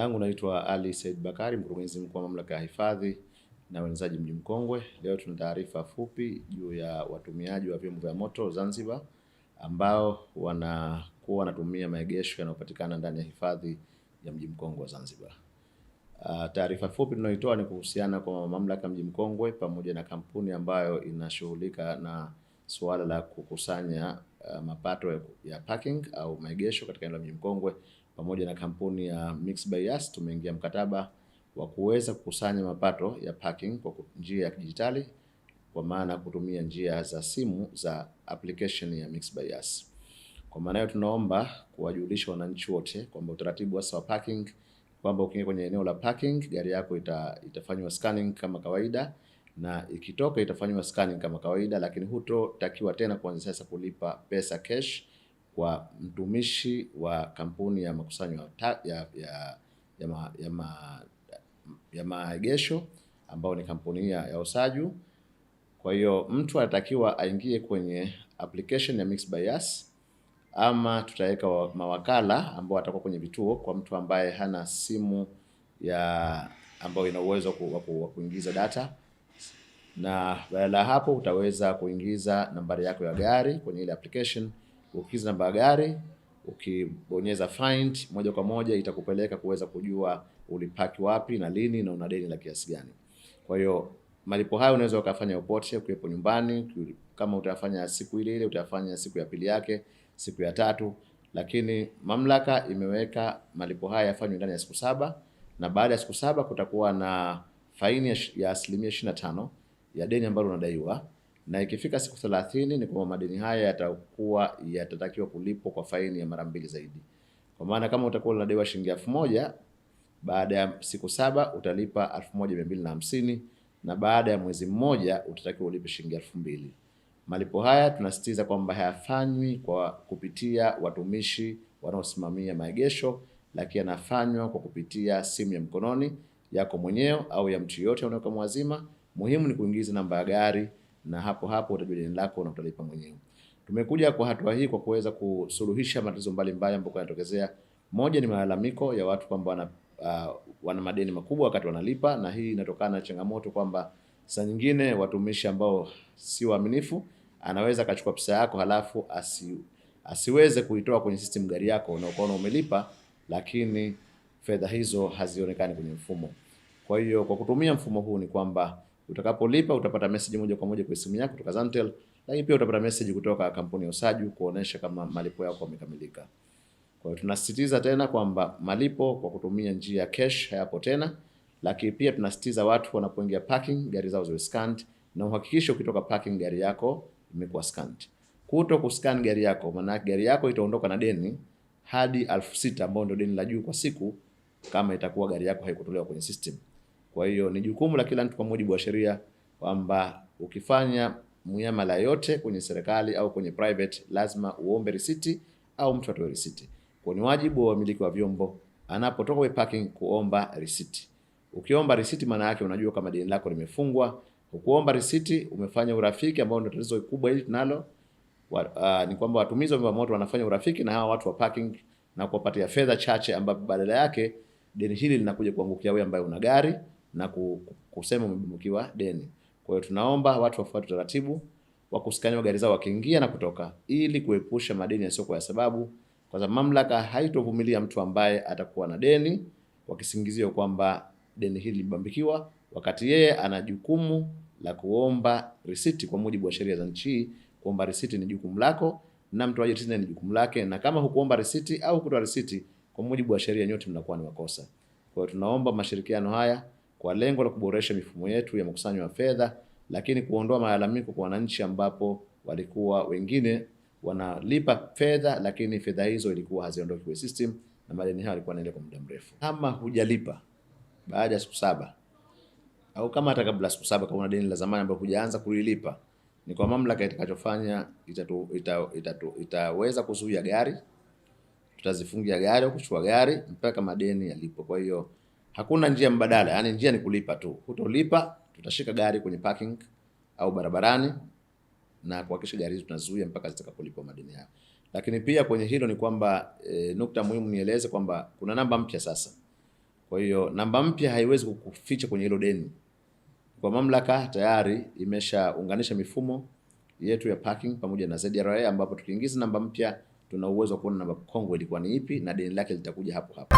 langu naitwa Ali Said Bakari, mkurugenzi mkuu wa mamlaka ya hifadhi na wenzaji mji Mkongwe. Leo tuna taarifa fupi juu ya watumiaji wa vyombo vya moto Zanzibar ambao wanakuwa wanatumia maegesho yanayopatikana ndani ya hifadhi ya mji Mkongwe wa Zanzibar. Uh, taarifa fupi tunayoitoa ni kuhusiana kwa mamlaka mji Mkongwe pamoja na kampuni ambayo inashughulika na suala la kukusanya uh, mapato ya parking au maegesho katika eneo la mji Mkongwe pamoja na kampuni ya Mix by Yas tumeingia mkataba wa kuweza kukusanya mapato ya parking kwa njia ya kidijitali kwa maana kutumia njia za simu za application ya Mix by Yas. Kwa maana hiyo, tunaomba kuwajulisha wananchi wote kwamba utaratibu hasa wa parking kwamba ukiingia kwenye eneo la parking gari yako ita, itafanywa scanning kama kawaida na ikitoka itafanywa scanning kama kawaida, lakini hutotakiwa tena kuanzia sasa kulipa pesa cash kwa mtumishi wa kampuni ya makusanyo ya, ya, ya, ya, ma, ya, ma, ya maegesho ambayo ni kampuni ya, ya Osaju. Kwa hiyo mtu anatakiwa aingie kwenye application ya Mixx by Yas, ama tutaweka mawakala ambao watakuwa kwenye vituo kwa mtu ambaye hana simu ya ambayo ina uwezo wa kuingiza data na badala hapo utaweza kuingiza nambari yako ya gari kwenye ile application Ukiklick namba ya gari ukibonyeza find, moja kwa moja itakupeleka kuweza kujua ulipaki wapi na lini na una deni la kiasi gani. Kwa hiyo malipo hayo unaweza ukafanya popote, ukiwepo nyumbani. Kama utafanya siku ile ile, utafanya siku ya pili yake, siku ya tatu, lakini mamlaka imeweka malipo haya yafanywe ndani ya siku saba, na baada ya siku saba kutakuwa na faini ya asilimia ishirini na tano ya deni ambalo unadaiwa na ikifika siku 30 ni kwamba madeni haya yatakuwa yatatakiwa kulipwa kwa faini ya mara mbili zaidi. Kwa maana kama utakuwa unadaiwa shilingi elfu moja baada ya siku saba utalipa elfu moja mia mbili na hamsini na baada ya mwezi mmoja utatakiwa ulipe shilingi elfu mbili. Malipo haya tunasisitiza kwamba hayafanywi kwa kupitia watumishi wanaosimamia maegesho, lakini yanafanywa kwa kupitia simu ya mkononi yako mwenyewe au ya mtu yoyote unayokamwazima. Muhimu ni kuingiza namba ya gari na hapo hapo utajua deni lako na utalipa mwenyewe. Tumekuja kwa hatua hii kwa kuweza kusuluhisha matatizo mbalimbali ambayo yanatokezea. Moja ni malalamiko ya watu kwamba wana, uh, wana madeni makubwa wakati wanalipa, na hii inatokana na changamoto kwamba saa nyingine watumishi ambao si waaminifu, anaweza akachukua pesa yako halafu asi, asiweze kuitoa kwenye system gari yako na ukaona umelipa, lakini fedha hizo hazionekani kwenye mfumo. Kwa hiyo kwa kutumia mfumo huu ni kwamba Utakapolipa utapata message moja kwa moja kwa simu yako kutoka Zantel, lakini pia utapata message kutoka kampuni ya Usaju kuonesha kama malipo yako yamekamilika. Kwa hiyo tunasisitiza tena kwamba malipo kwa kutumia njia ya cash hayapo tena, lakini pia tunasisitiza watu wanapoingia parking gari zao ziwe scanned na uhakikisho ukitoka parking gari yako imekuwa scanned. Kuto kuscan gari yako, maana gari yako itaondoka na deni hadi elfu sita ambayo ndio deni la juu kwa siku, kama itakuwa gari yako haikutolewa kwenye system. Kwa hiyo ni jukumu la kila mtu kwa mujibu wa sheria kwamba ukifanya muamala yote kwenye serikali au kwenye private lazima uombe risiti au mtu atoe risiti. Kwa ni wajibu wa wamiliki wa vyombo anapotoka kwenye parking kuomba risiti. Ukiomba risiti, maana yake unajua kama deni lako limefungwa. Ukuomba risiti umefanya urafiki ambao ndio tatizo kubwa hili tunalo wa, uh, ni kwamba watumizi wa vyombo moto wanafanya urafiki na hawa watu wa parking na kuwapatia fedha chache, ambapo badala yake deni hili linakuja kuangukia wewe ambaye una gari na kusema umedumbukiwa deni. Kwa hiyo tunaomba watu wafuate utaratibu wa kusikanya magari zao wakiingia na kutoka, ili kuepusha madeni yasiyokuwa ya sababu, kwa sababu mamlaka haitovumilia mtu ambaye atakuwa na deni kwa kisingizio kwamba deni hili libambikiwa, wakati yeye ana jukumu la kuomba risiti kwa mujibu wa sheria za nchi. Kuomba risiti ni jukumu lako na mtoaji risiti ni jukumu lake, na kama hukuomba risiti au kutoa risiti kwa mujibu wa sheria, nyote mnakuwa ni wakosa. Kwa hiyo tunaomba mashirikiano haya kwa lengo la kuboresha mifumo yetu ya makusanyo ya fedha, lakini kuondoa malalamiko kwa wananchi, ambapo walikuwa wengine wanalipa fedha lakini fedha hizo ilikuwa haziondoki kwa system na madeni hayo yalikuwa yanaendelea kwa muda mrefu. Kama hujalipa baada ya siku saba au kama hata kabla siku saba, kama una deni la zamani ambalo hujaanza kulilipa, ni kwa mamlaka itakachofanya itatu, ita, ita, itaweza kuzuia gari, tutazifungia gari au kuchukua gari mpaka madeni yalipo. Kwa hiyo Hakuna njia mbadala, yani njia ni kulipa tu. Hutolipa, tutashika gari kwenye parking au barabarani na kuhakikisha gari hizo tunazuia mpaka zitakapolipwa madeni yao. Lakini pia kwenye hilo ni kwamba e, nukta muhimu nieleze kwamba kuna namba mpya sasa. Kwa hiyo namba mpya haiwezi kukuficha kwenye hilo deni. Kwa mamlaka tayari imeshaunganisha mifumo yetu ya parking pamoja na ZRA ambapo tukiingiza namba mpya tuna uwezo wa kuona namba kongwe ilikuwa ni ipi na deni lake litakuja hapo hapo.